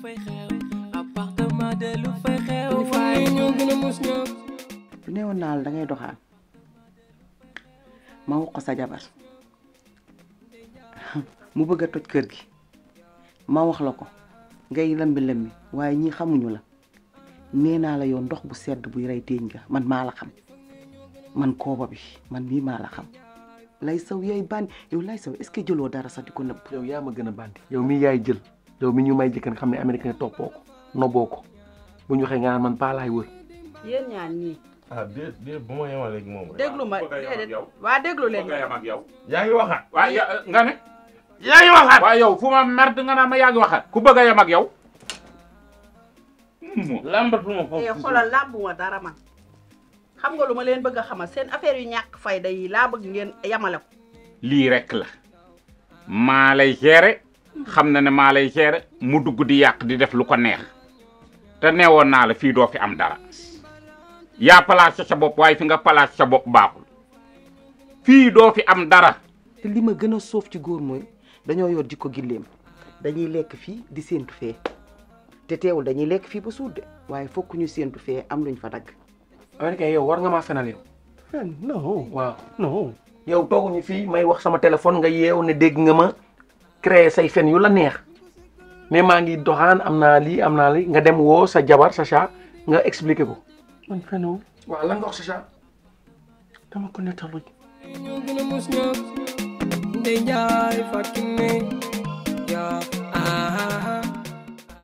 bu neewoon naa la da ngay doxaan ma wax sa jabar mu bëgg a toj kër gi ma wax la ko ngay lambi lambi waaye ñii xamuñu la nee naa la yow ndox bu sedd bu rey téeñ ga man maa la xam man kooba bi man mii maa la xam lay saw yaay bandi yow lay saw est-ce que jëloo dara sax di ko nëbb yow yaa ma gën a bandi yow mii yaay jël yow mi ñu may jëkkër xam ne américain toppoo ko noboo bu ñu waxee man paa wër. yéen ñaan ñii. Ah, déglu ma waa déglu leen. yaa ngi waxaat. waa nga ne. yaa ngi waxaat. waa yow fu nga naa ma ku bëgg a yem ak yow. Hmm. lambatu ma foofu. eh dara man. xam nga lu ma leen bëgg a seen affaire yu ñàkk fayda yi laa bëgg ngeen yamale lii rek la maa lay géré xam na ne maa lay seere mu dugg di yàq di def lu ko neex te neewoon naa la fii doo fi am dara yaa placé sa bopp waaye fi nga placé sa bopp baaxul fii doo fi am dara. te li ma gën a soof ci góor mooy dañoo yor jikko gilleem dañuy lekk fii di séentu fee te teewul dañuy lekk fii ba suur de waaye fokk ñu séentu fee am luñ fa dagg. en kay yow war nga maa fenal yow. Eh, non fii may wax sama téléphone nga yeew ne dégg nga ma. créer say fen yu la neex ne maa ngi doxaan am na lii am na li nga dem woo sa jabar Sacha nga expliqué ko. man fenoo waaw lan nga wax Sacha dama ko nettaluñ.